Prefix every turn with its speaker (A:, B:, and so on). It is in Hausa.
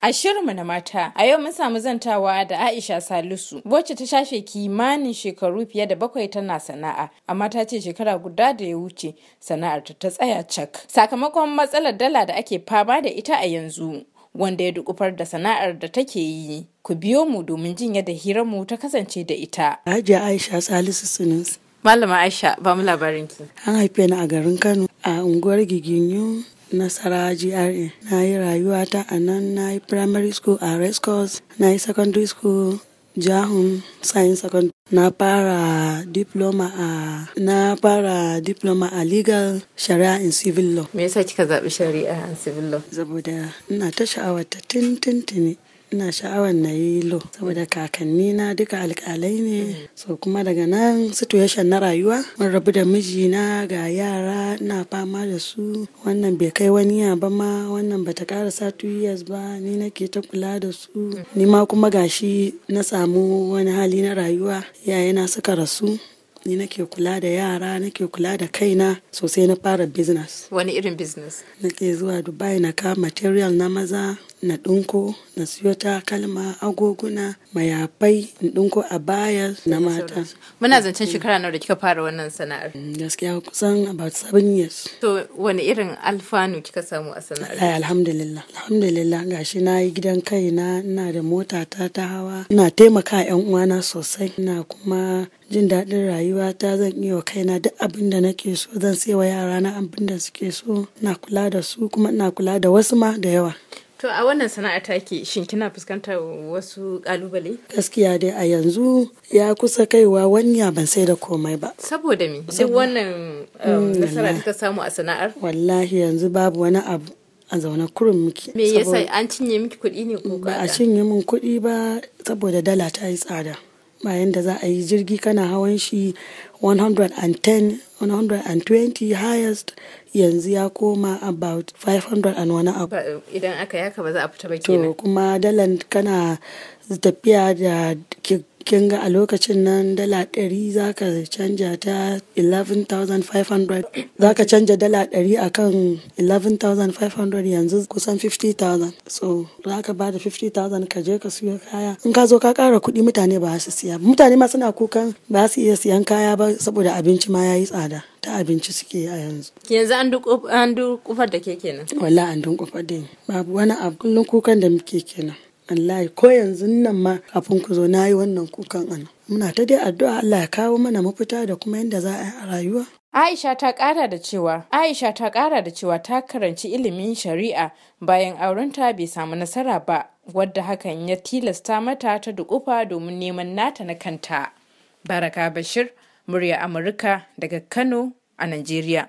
A: A shirinmu na mata, a yau mun samu zantawa da Aisha Salisu, wacce ta shafe kimanin shekaru fiye da bakwai tana sana'a, amma ta ce shekara guda da ya wuce sana'ar ta ta tsaya cak. Sakamakon matsalar dala da ake fama da ita a yanzu, wanda ya dukufar da sana'ar da take yi. Ku biyo mu domin jin yadda hirarmu ta kasance da ita. Hajiya Aisha Salisu Sunusi. Malama Aisha, ba mu labarinki.
B: An haife ni a garin Kano, a unguwar Giginyu, Nasara GRA. Na yi rayuwata a nan, na yi primary school a Race na yi secondary school Jahun Science Secondary. Na fara diploma a na fara diploma a legal shari'a in civil law. Me yasa kika zaɓi shari'a in civil law? Saboda ina ta sha'awar ta tintintini. ina sha'awar na yi lo saboda kakanni na duka alkalai ne so kuma daga nan situation na rayuwa mun rabu da mijina ga yara na fama da su wannan bai kai wani ya ba ma wannan bata karasa two years ba ni nake ta kula da su ni ma kuma gashi na samu wani hali na rayuwa yayana suka rasu ni nake kula da yara nake kula da kaina sosai na fara business
A: wani irin business
B: nake zuwa dubai na ka material na maza na ɗinko na siyo takalma agoguna mayafai na ɗinko a baya na
A: mata muna zancen shekara nawa da kika fara wannan sana'ar mm, gaskiya kusan about seven years to wani irin alfanu kika samu a sana'ar ai alhamdulillah alhamdulillah gashi na yi
B: gidan kaina ina da mota ta ta hawa ina taimaka yan uwana sosai ina kuma jin daɗin rayuwa ta zan iya wa kaina duk abin da nake so zan sai wa yara na abin da suke so ina kula da su kuma ina kula da wasu ma da yawa
A: To a wannan sana'a take shin kina fuskantar wasu kalubale?
B: Gaskiya dai a yanzu ya kusa kaiwa wani ban sai da komai ba.
A: Saboda me? Duk wannan um, mm, nasara da ka samu a
B: sana'ar? Wallahi yanzu babu wani abu a zaune kurum miki. Me yasa
A: an cinye miki kuɗi ne ko Ba a
B: cinye min kuɗi ba saboda dala ta yi tsada. bayan da za a yi jirgi kana hawan shi 110 120 highest yanzu ya koma about 500 and wani abu
A: idan aka yaka ba za a fita ba kenan
B: kuma dalan kana tafiya da kin ga a lokacin nan dala ɗari za ka canja ta 11,500 za ka canja dala ɗari a kan 11,500 yanzu kusan 50,000 so za ka ba da 50,000 ka je ka siyo kaya in ka zo ka kara kuɗi mutane ba su siya mutane ma suna kukan ba su iya siyan kaya ba saboda abinci ma ya yi tsada ta abinci suke a yanzu.
A: Yanzu an duk kufar da ke kenan. Wala
B: an duk kufar da babu wani abu kullum kukan da muke kenan. Allah ko yanzu nan ma kafin ku zo na yi wannan kukan ana muna ta dai addu'a Allah ya kawo mana mafita da kuma yadda za a yi a rayuwa
A: Aisha ta kara da cewa Aisha ta kara da cewa ta karanci ilimin shari'a bayan aurenta bai samu nasara ba wadda hakan ya tilasta mata ta dukufa domin neman nata na kanta. Baraka Bashir, murya Amurka daga Kano a Najeriya.